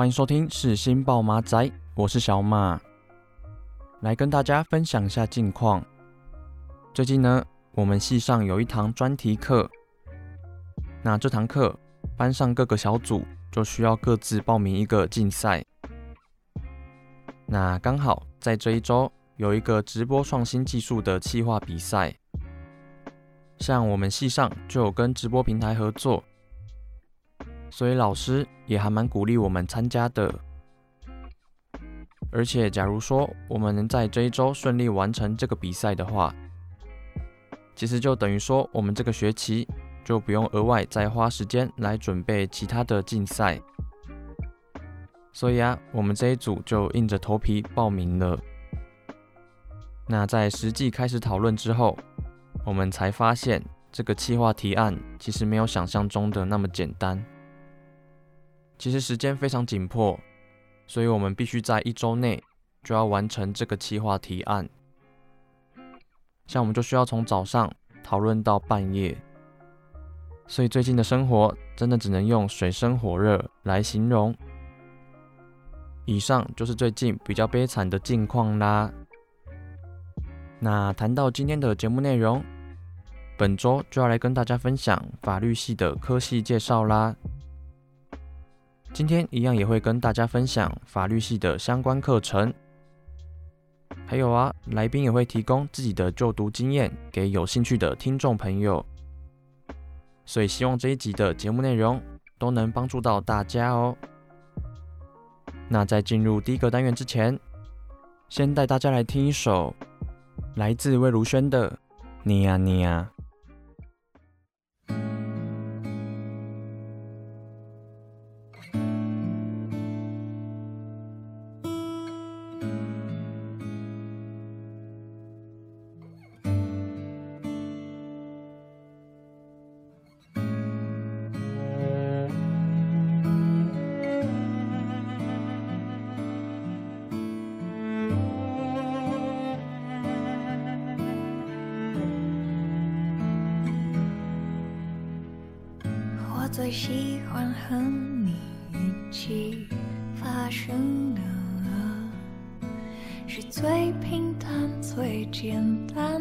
歡迎收聽《是新報馬仔》，我是小馬，來跟大家分享一下近況。最近呢，我們系上有一堂專題課，那這堂課班上各個小組就需要各自報名一個競賽。那剛好在這一周有一個直播創新技術的企劃比賽，像我們系上就有跟直播平台合作。所以老師也還蠻鼓勵我們參加的。而且，假如說我們能在這一周順利完成這個比賽的話，其實就等於說我們這個學期就不用額外再花時間來準備其他的競賽。所以啊，我們這一組就硬着頭皮報名了。那在實際開始討論之後，我們才發現這個企劃提案其實沒有想象中的那麼簡單。其實時間非常緊迫，所以我們必須在一周內就要完成這個企劃提案。像我們就需要從早上討論到半夜，所以最近的生活真的只能用水深火熱來形容。以上就是最近比較悲慘的境況啦。那談到今天的節目內容，本周就要來跟大家分享法律系的科系介紹啦。今天一樣也會跟大家分享法律系的相關課程，還有啊，來賓也會提供自己的就讀經驗給有興趣的聽眾朋友，所以希望這一集的節目內容都能幫助到大家哦。那在進入第一個單元之前，先帶大家來聽一首來自魏如萱的《你啊你啊》。喜歡和你一起發生的，是最平淡、最簡單。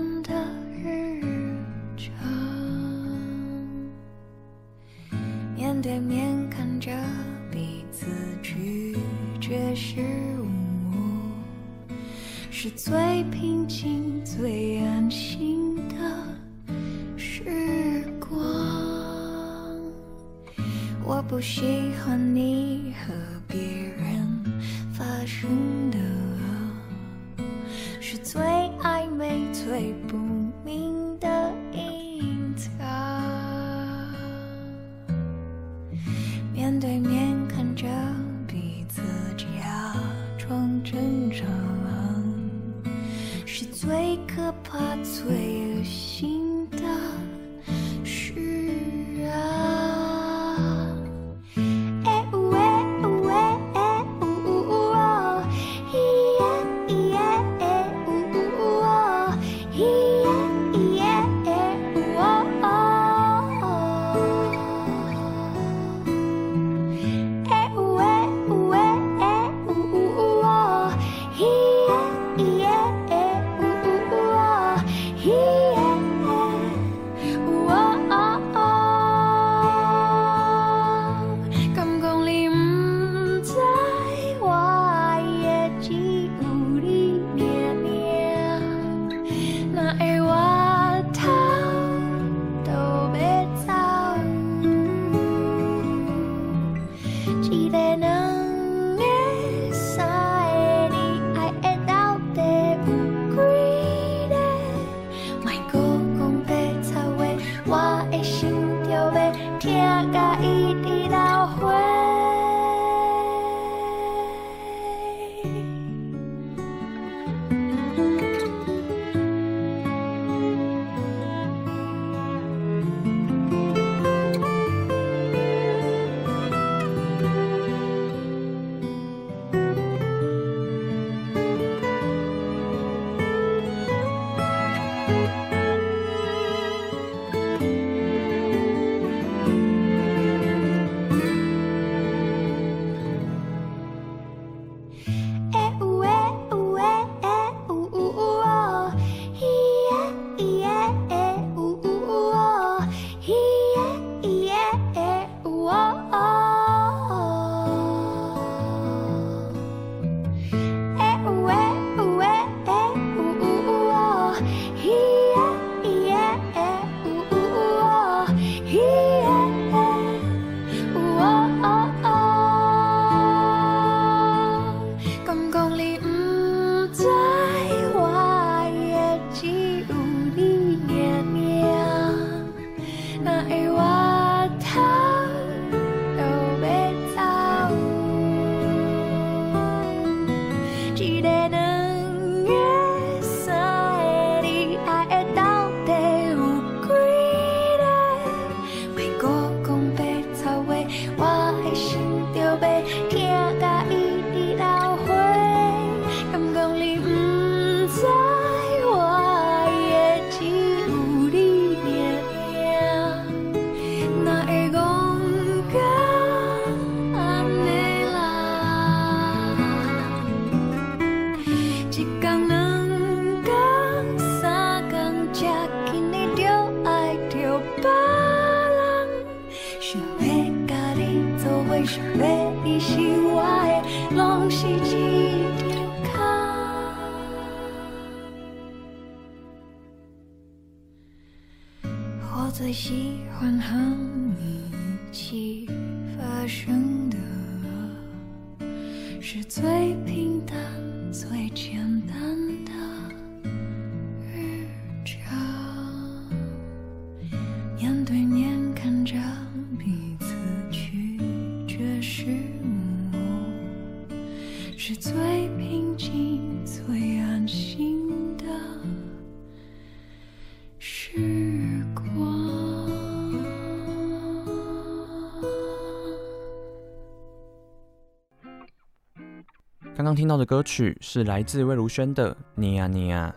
剛聽到的歌曲是來自魏如萱的《你啊你啊》。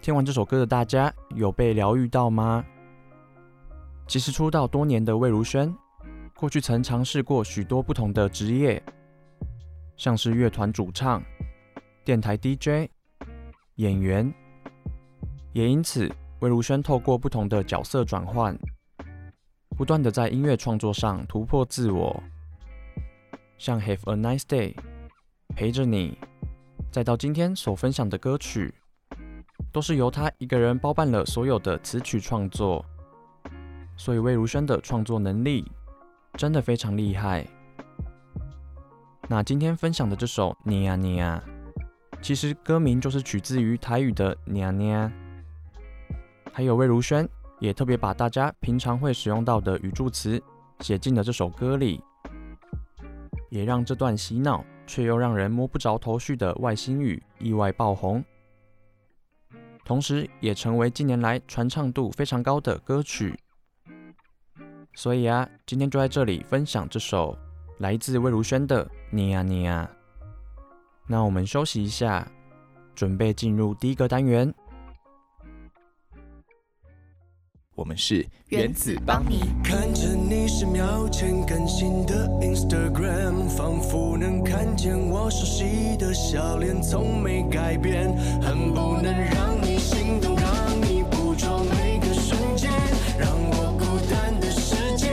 聽完這首歌的大家有被療癒到嗎？其實出道多年的魏如萱，過去曾嘗試過許多不同的職業，像是樂團主唱、電台 DJ、演員。也因此，魏如萱透過不同的角色轉換，不斷地在音樂創作上突破自我，像《Have a Nice Day》。陪着你，再到今天所分享的歌曲，都是由他一個人包辦了所有的詞曲創作，所以魏如萱的創作能力真的非常厲害。那今天分享的這首《你啊你啊》，其實歌名就是取自於台語的“娘娘”，還有魏如萱也特別把大家平常會使用到的語助詞寫進了這首歌裡，也讓這段洗腦。卻又讓人摸不着頭緒的外星語意外爆紅，同時也成為近年來傳唱度非常高的歌曲。所以啊，今天就在這裡分享這首來自魏如萱的《你啊你啊》。那我們休息一下，準備進入第一個單元。我們是原子邦妮看着你十秒前更新的 Instagram 仿佛能看見我熟悉的笑臉從沒改變恨不能讓你心動讓你捕捉每個瞬間讓我孤單的世界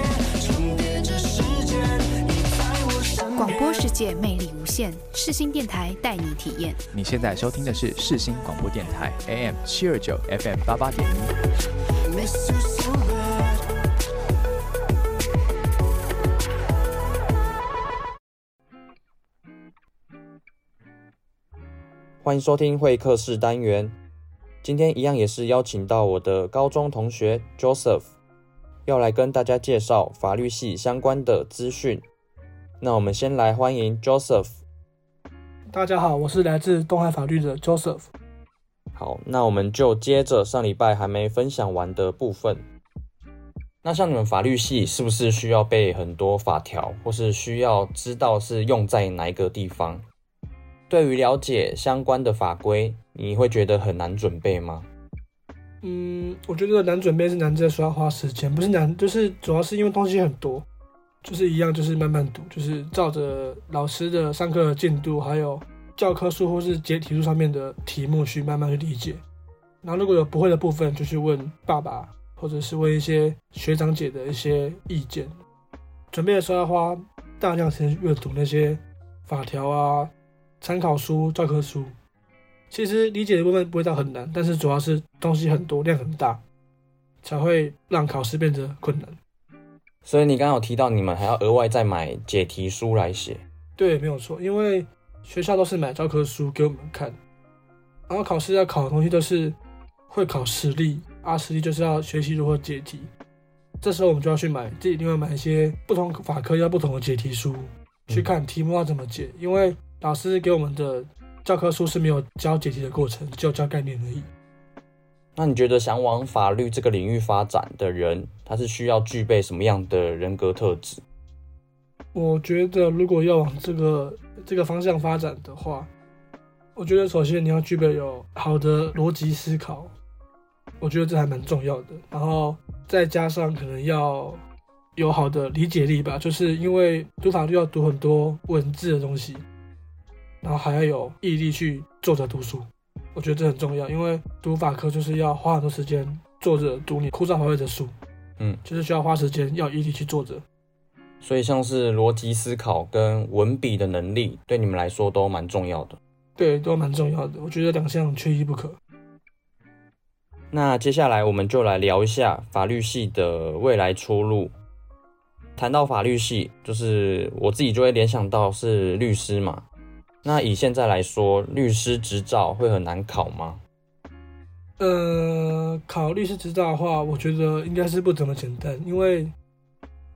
重疊着世界你在我身邊廣播是姐妹現世新電台帶你體驗。你現在收聽的是世新廣播電台 AM 七二九 FM 八八點一。歡迎收聽會客室單元。今天一樣也是邀請到我的高中同學 Joseph，要來跟大家介紹法律系相關的資訊。那我們先來歡迎 Joseph。大家好，我是來自東海法律的 Joseph。好，那我們就接着上禮拜還沒分享完的部分。那像你們法律系是不是需要背很多法條，或是需要知道是用在哪一個地方？對於了解相關的法規，你會覺得很難準備嗎？嗯，我覺得難準備是難在需要花時間，不是難，就是主要是因為東西很多。就是一樣，就是慢慢讀，就是照着老師的上課進度，還有教科書或是解題書上面的題目去慢慢去理解。然後如果有不會的部分，就去問爸爸，或者是問一些學長姐的一些意見。準備的時候要花大量時間閱讀那些法條啊、參考書、教科書。其實理解的部分不會到很難，但是主要是東西很多，量很大，才會讓考試變得困難。所以你剛剛有提到，你們還要額外再買解題書來寫。對，沒有錯，因為學校都是買教科書給我們看，然後考試要考的東西都是會考實例，而、啊、實例就是要學習如何解題。這時候我們就要去買自己另外買一些不同法科要不同的解題書、嗯、去看題目要怎麼解，因為老師給我們的教科書是沒有教解題的過程，只有教概念而已。那你覺得想往法律這個領域發展的人，他是需要具備什麼樣的人格特質？我覺得，如果要往這個這個方向發展的話，我覺得首先你要具備有好的邏輯思考，我覺得這還蠻重要的。然後再加上可能要有好的理解力吧，就是因為讀法律要讀很多文字的東西，然後還要有毅力去坐着讀書。我覺得這很重要，因為讀法科就是要花很多時間坐着讀你枯燥乏味的書，嗯，就是需要花時間要一直去坐着。所以像是邏輯思考跟文筆的能力，對你們來說都蠻重要的。對，都蠻重要的。我覺得兩項缺一不可。那接下來我們就來聊一下法律系的未來出路。談到法律系，就是我自己就會聯想到是律師嘛。那以現在來說，律師執照會很難考嗎？呃，考律師執照的話，我覺得應該是不怎麼簡單，因為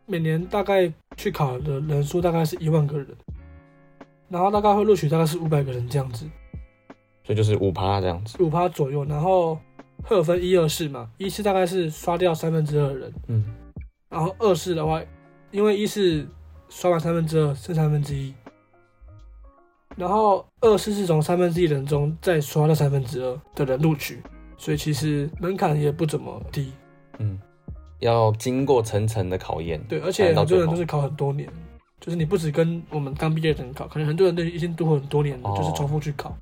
每年大概去考的人數大概是一萬個人，然後大概會錄取大概是五百個人這樣子，所以就是五趴這樣子，五趴左右，然後會有分一、二試嘛，一試大概是刷掉三分之二人，嗯，然後二試的話，因為一試刷完三分之二，剩三分之一。然後二試是從三分之一人中再刷到三分之二的人錄取，所以其實門檻也不怎麼低。嗯，要經過層層的考驗。對，而且很多人都是考很多年，就是你不止跟我們剛畢業的人考，可能很多人都已經讀很多年了，就是重複去考。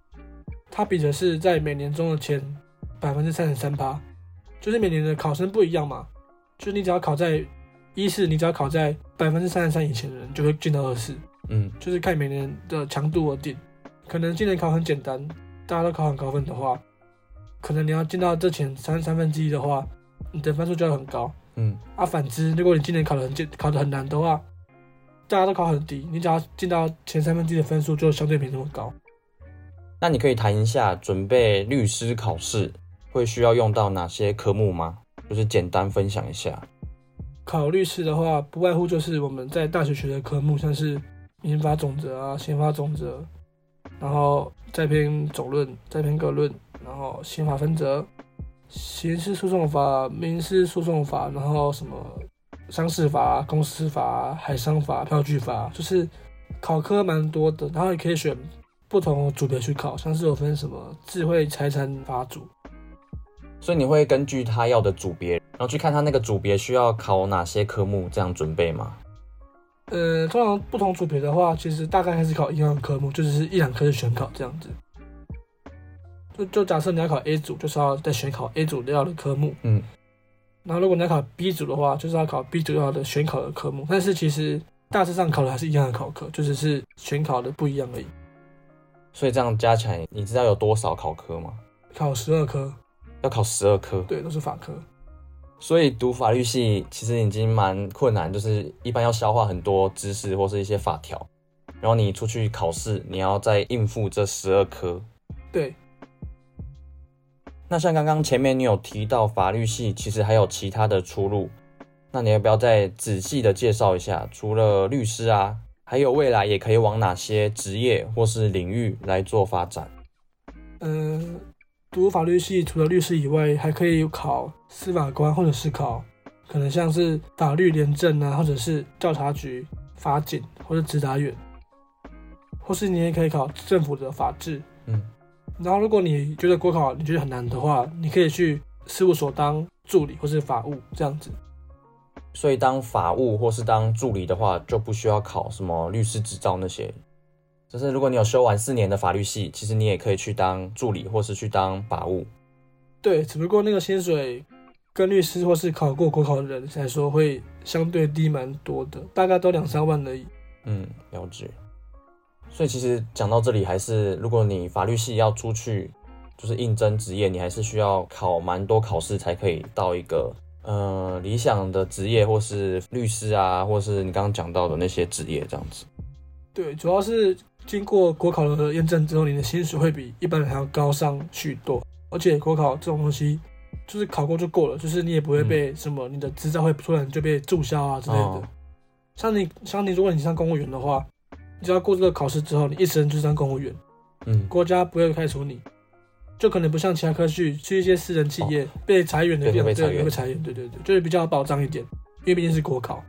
他、哦、比的是在每年中的前百分之三十三，就是每年的考生不一樣嘛，就是你只要考在一試，4, 你只要考在百分之三十三以前的人，就會進到二試。嗯，就是看每年的強度而定，可能今年考很簡單，大家都考很高分的話，可能你要進到這前三三分之一的話，你的分數就會很高。嗯，啊，反之，如果你今年考得很簡，考得很難的話，大家都考很低，你只要進到前三分之一的分數就相對沒那麼高。那你可以談一下準備律師考試會需要用到哪些科目嗎？就是簡單分享一下。考律師的話，不外乎就是我們在大學學的科目，像是。民法總則啊，刑法總則，然後債編總論，債編各論，然後刑法分則，刑事訴訟法、民事訴訟法，然後什麼商事法、公司法、海商法、票據法，就是考科蠻多的。然後也可以選不同組別去考，像是有分什麼智慧財產法組。所以你會根據他要的組別，然後去看他那個組別需要考哪些科目，這樣準備嗎？呃、嗯，通常不同組別的話，其實大概還是考一樣的科目，就只是一兩科是選考這樣子。就就假設你要考 A 組，就是要再選考 A 組要的科目。嗯。然後如果你要考 B 組的話，就是要考 B 組要的選考的科目。但是其實大致上考的還是一樣的考科，就只是選考的不一樣而已。所以這樣加起來，你知道有多少考科嗎？考十二科。要考十二科。對，都是法科。所以讀法律系其實已經蠻困難，就是一般要消化很多知識或是一些法條，然後你出去考試，你要再應付這十二科。對。那像剛剛前面你有提到法律系其實還有其他的出路，那你要不要再仔細地介紹一下，除了律師啊，還有未來也可以往哪些職業或是領域來做發展？嗯。讀法律系除了律師以外，還可以考司法官，或者是考可能像是法律廉政啊，或者是調查局、法警或者執達員，或是你也可以考政府的法制。然後如果你覺得國考你覺得很難的話，你可以去事務所當助理或是法務這樣子。嗯，所以當法務或是當助理的話，就不需要考什麼律師執照那些。就是如果你有修完四年的法律系，其實你也可以去當助理或是去當法務。對，只不過那個薪水跟律師或是考過國考的人才說，會相對低蠻多的，大概都兩三萬而已。嗯，了解。所以其實講到這裡，還是如果你法律系要出去，就是應徵職業，你還是需要考蠻多考試才可以到一個，呃，理想的職業，或是律師啊，或是你剛剛講到的那些職業這樣子。對，主要是經過國考的驗證之後，你的薪水會比一般人還要高上許多。而且國考這種東西，就是考過就過了，就是你也不會被什麼，嗯、你的執照會突然就被註銷啊之類的。哦、像你，像你，如果你上公務員的話，你只要過這個考試之後，你一生就當公務員，嗯，國家不會開除你，就可能不像其他科系去一些私人企業、哦、被裁員的這樣，對對對，會裁員，對，對對對，就是比較保障一點，因為畢竟是國考。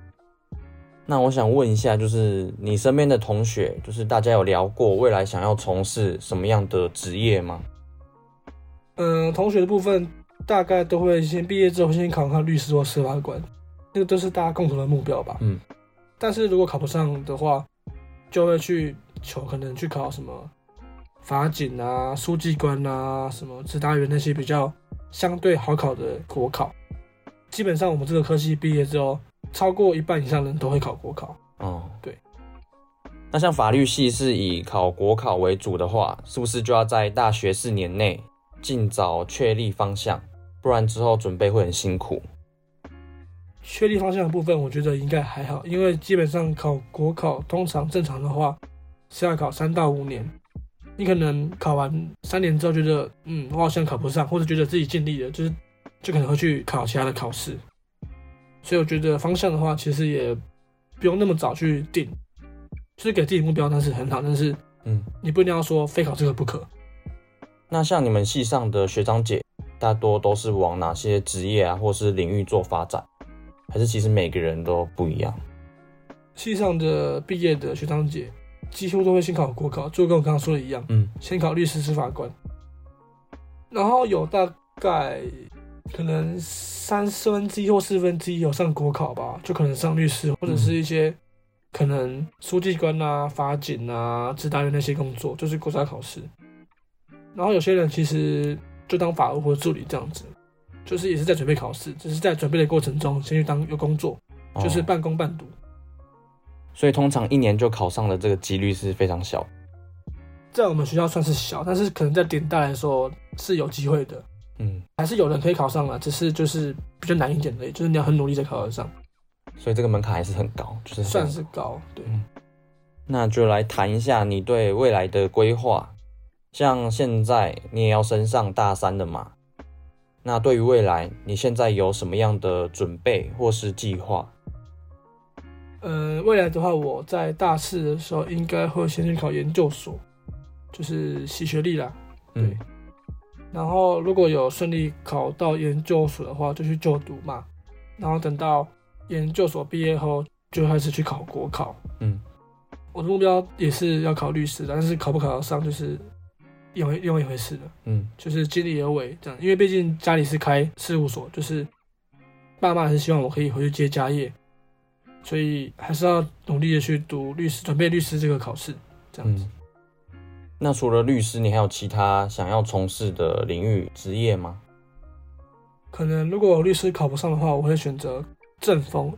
那我想問一下，就是你身邊的同學，就是大家有聊過未來想要從事什麼樣的職業嗎？嗯，同學的部分大概都會先畢業之後先考考律師或司法官，那個都是大家共同的目標吧。嗯，但是如果考不上的話，就會去求可能去考什麼法警啊、書記官啊、什麼執達員那些比較相對好考的國考。基本上我們這個科系畢業之後，超過一半以上人都會考國考。哦，對。那像法律系是以考國考為主的話，是不是就要在大學四年內儘早確立方向？不然之後準備會很辛苦。確立方向的部分，我覺得應該還好，因為基本上考國考通常正常的話，是要考三到五年。你可能考完三年之後覺得，嗯，我好像考不上，或者覺得自己盡力了，就是就可能會去考其他的考試。所以我覺得方向的話，其實也不用那麼早去定，就是給自己目標那是很好，但是，嗯，你不一定要說非考這個不可。嗯，那像你們系上的學長姐，大多都是往哪些職業啊，或是領域做發展？還是其實每個人都不一樣？系上的畢業的學長姐，幾乎都會先考國考，就跟我剛剛說的一樣，嗯，先考律師、司法官，然後有大概。可能三四分之一或四分之一有上國考吧，就可能上律師或者是一些可能書記官啊、法警啊、執達員那些工作，就是國家考試。然後有些人其實就當法務或助理這樣子，就是也是在準備考試，只是在準備的過程中先去當有工作，哦、就是半工半讀。所以通常一年就考上的這個幾率是非常小，在我們學校算是小，但是可能在頂大來說是有機會的。嗯，還是有人可以考上了，只是就是比較難一點的，就是你要很努力才考得上，所以這個門檻還是很高，就是算是高，對。嗯，那就來談一下你對未來的規劃，像現在你也要升上大三了嘛，那對於未來，你現在有什麼樣的準備或是計劃？呃，未來的話，我在大四的時候應該會先去考研究所，就是洗學歷啦，對。嗯然後如果有順利考到研究所的話，就去就讀嘛。然後等到研究所畢業後，就開始去考國考。嗯，我的目標也是要考律師的，但是考不考得上就是另另外一回事了。嗯，就是盡力而為這樣，因為畢竟家裡是開事務所，就是爸媽是希望我可以回去接家業，所以還是要努力的去讀律師，準備律師這個考試，這樣子。嗯那除了律師，你還有其他想要從事的領域職業嗎？可能如果律師考不上的話，我會選擇政風，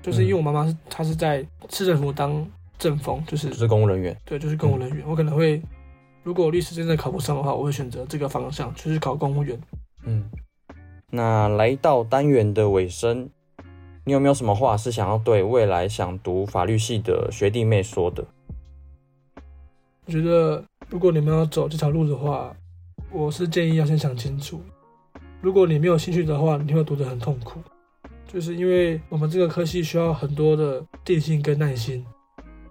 就是因為我媽媽是、嗯、她是在市政府當政風，就是就是公務人員。對，就是公務人員。嗯、我可能會，如果律師真的考不上的話，我會選擇這個方向，就是考公務員。嗯，那來到單元的尾聲，你有沒有什麼話是想要對未來想讀法律系的學弟妹說的？我覺得。如果你們要走這條路的話，我是建議要先想清楚。如果你沒有興趣的話，你會讀得很痛苦，就是因為我們這個科系需要很多的定性跟耐心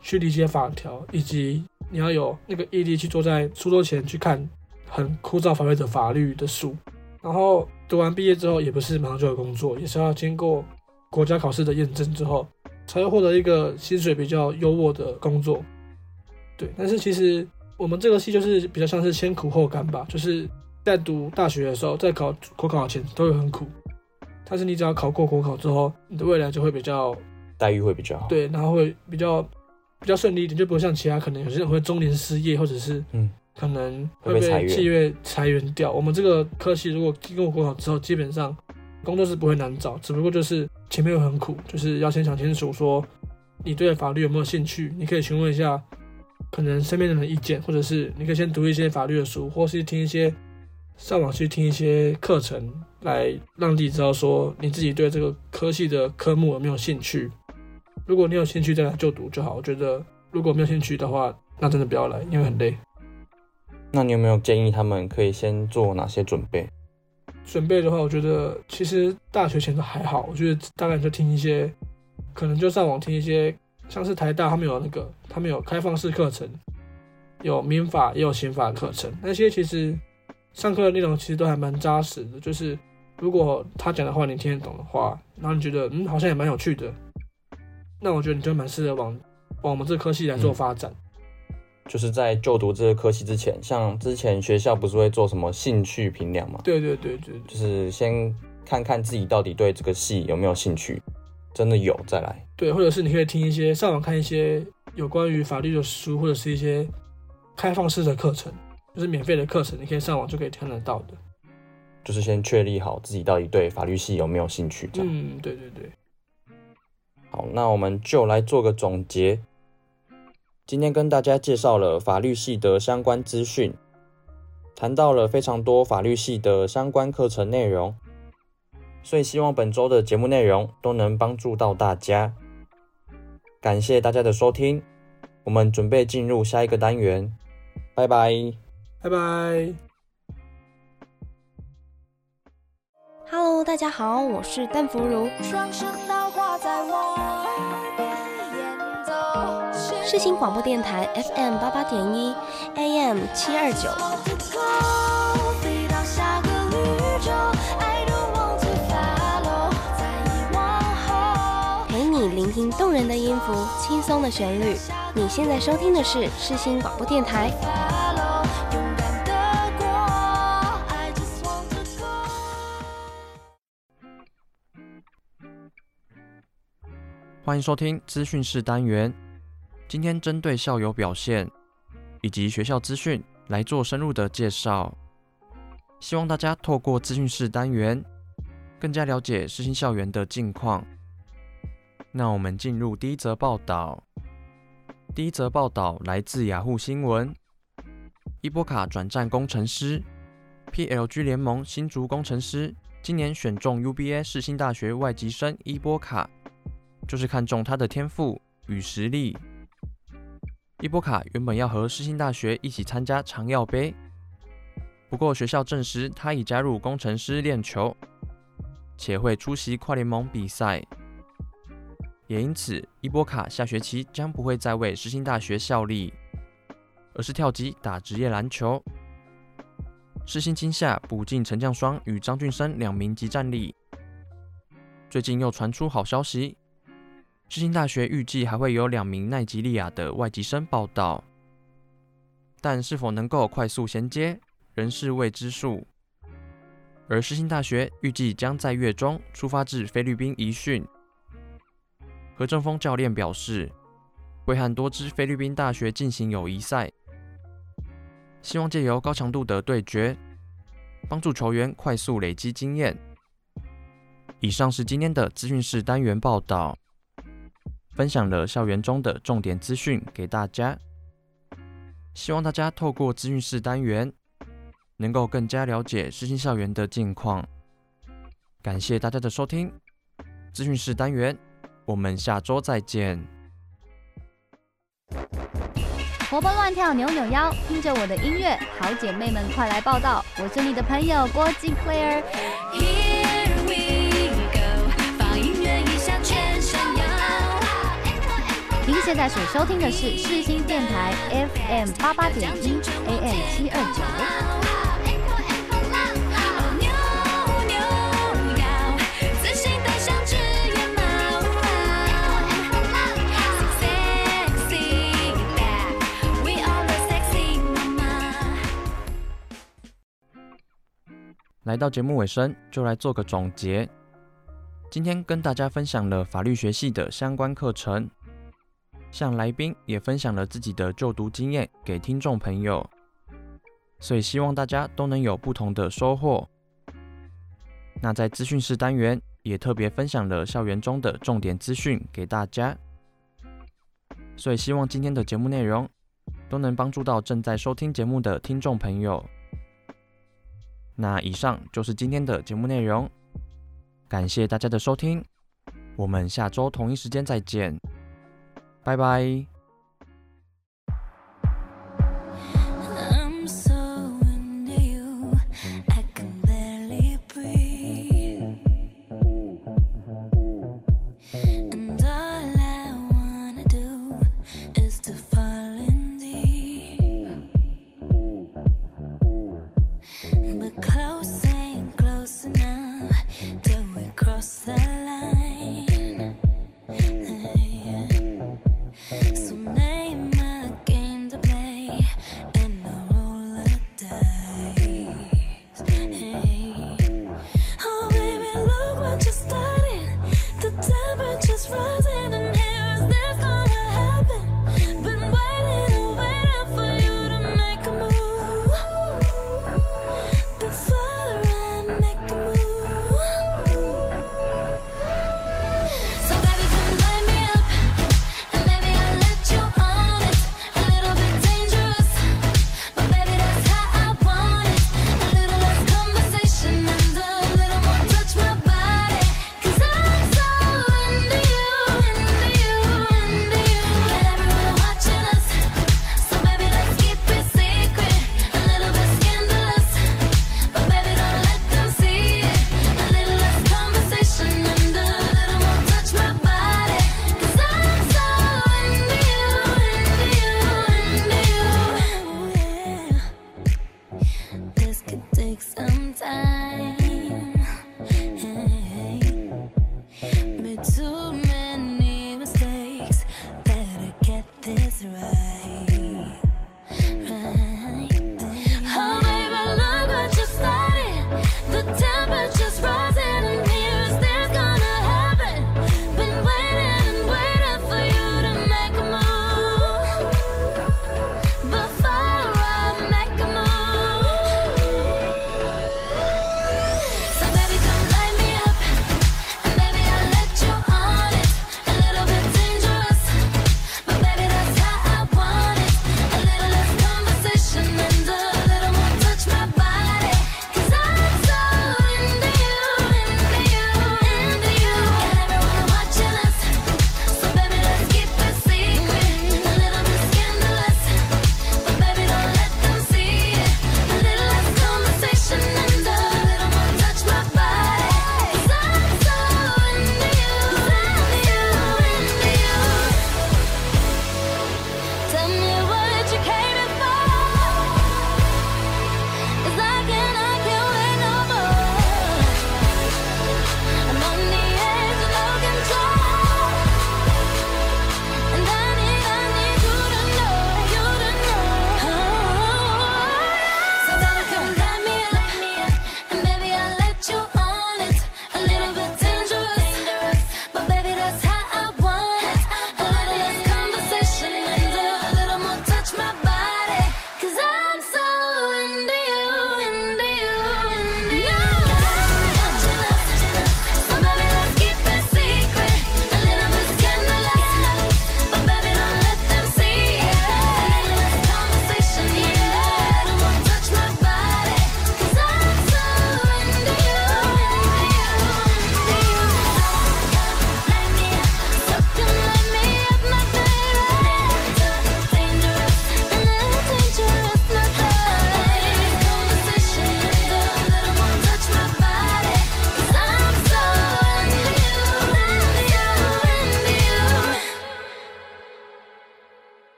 去理解法條，以及你要有那個毅力去坐在書桌前去看很枯燥乏味的法律的書。然後讀完畢業之後，也不是馬上就有工作，也是要經過國家考試的驗證之後，才會獲得一個薪水比較優渥的工作。對，但是其實。我們這個系就是比較像是先苦後甘吧，就是在讀大學的時候，在考國考，考前都會很苦，但是你只要考過國考之後，你的未來就會比較待遇會比較好，對，然後會比較比較順利一點，就不會像其他可能有些人會中年失業或者是嗯，可能會被企業裁員掉。員我們這個科系如果經過國考之後，基本上工作是不會難找，只不過就是前面會很苦，就是要先想清楚說你對法律有沒有興趣，你可以詢問一下。可能身邊人的意見，或者是你可以先讀一些法律的書，或是聽一些上網去聽一些課程，來讓自己知道說你自己對這個科系的科目有沒有興趣。如果你有興趣再來就讀就好，我覺得如果沒有興趣的話，那真的不要來，因為很累。那你有沒有建議他們可以先做哪些準備？準備的話，我覺得其實大學前都還好，我覺得大概就聽一些，可能就上網聽一些。像是台大，他們有那個，他們有開放式課程，有民法也有刑法課程，那些其實上課的內容其實都還蠻紮實的。就是如果他講的話你聽得懂的話，然後你覺得嗯，好像也蠻有趣的，那我覺得你就蠻適合往往我們這科系來做發展，嗯。就是在就讀這個科系之前，像之前學校不是會做什麼興趣評量嘛？對對，對對對對，就是先看看自己到底對這個系有沒有興趣。真的有，再來，對，或者是你可以聽一些上網看一些有關於法律的書，或者是一些開放式的課程，就是免費的課程，你可以上網就可以看得到的。就是先確立好自己到底對法律系有沒有興趣，這樣。嗯，對對對。好，那我們就來做個總結。今天跟大家介紹了法律系的相關資訊，談到了非常多法律系的相關課程內容。所以希望本周的節目內容都能幫助到大家，感謝大家的收聽，我們準備進入下一個單元，拜拜，拜拜。Hello，大家好，我是鄧福如，視情廣播電台 FM 八八點一，AM 七二九。動人的音符，輕鬆的旋律。你現在收聽的是世新廣播電臺。歡迎收聽資訊室單元，今天針對校友表現以及學校資訊來做深入的介紹。希望大家透過資訊室單元，更加了解世新校園的近況。讓我們進入第一則報道。第一則報道來自雅虎新聞。伊波卡轉戰工程師，PLG 聯盟新竹工程師今年選中 UBA 世新大學外籍生伊波卡，就是看中他的天賦與實力。伊波卡原本要和世新大學一起參加長耀杯，不過學校證實他已加入工程師練球，且會出席跨聯盟比賽。也因此，伊波卡下學期將不會再為世新大學效力，而是跳級打職業籃球。世新今夏補進陳將雙與張俊生兩名即戰力。最近又傳出好消息，世新大學預計還會有兩名奈及利亞的外籍生報到，但是否能夠快速銜接仍是未知數。而世新大學預計將在月中出發至菲律賓集訓。何正峰教練表示，會和多支菲律賓大學進行友誼賽，希望借由高強度的對決，幫助球員快速累積經驗。以上是今天的資訊室單元報道，分享了校園中的重點資訊給大家，希望大家透過資訊室單元，能夠更加了解世新校園的近況。感謝大家的收聽，資訊室單元。 我們下周再見。活蹦亂跳，扭扭腰，聽着我的音樂，好姐妹們快來報道！我是你的朋友郭靜 Claire 您現在所收聽的是世新電台 FM 八八點一，AM 七二九。來到節目尾聲，就來做個總結。今天跟大家分享了法律學系的相關課程，像來賓也分享了自己的就讀經驗給聽眾朋友，所以希望大家都能有不同的收穫。那在資訊室單元也特別分享了校園中的重點資訊給大家，所以希望今天的節目內容都能幫助到正在收聽節目的聽眾朋友。那以上就是今天的節目內容，感謝大家的收聽，我們下周同一時間再見，拜拜。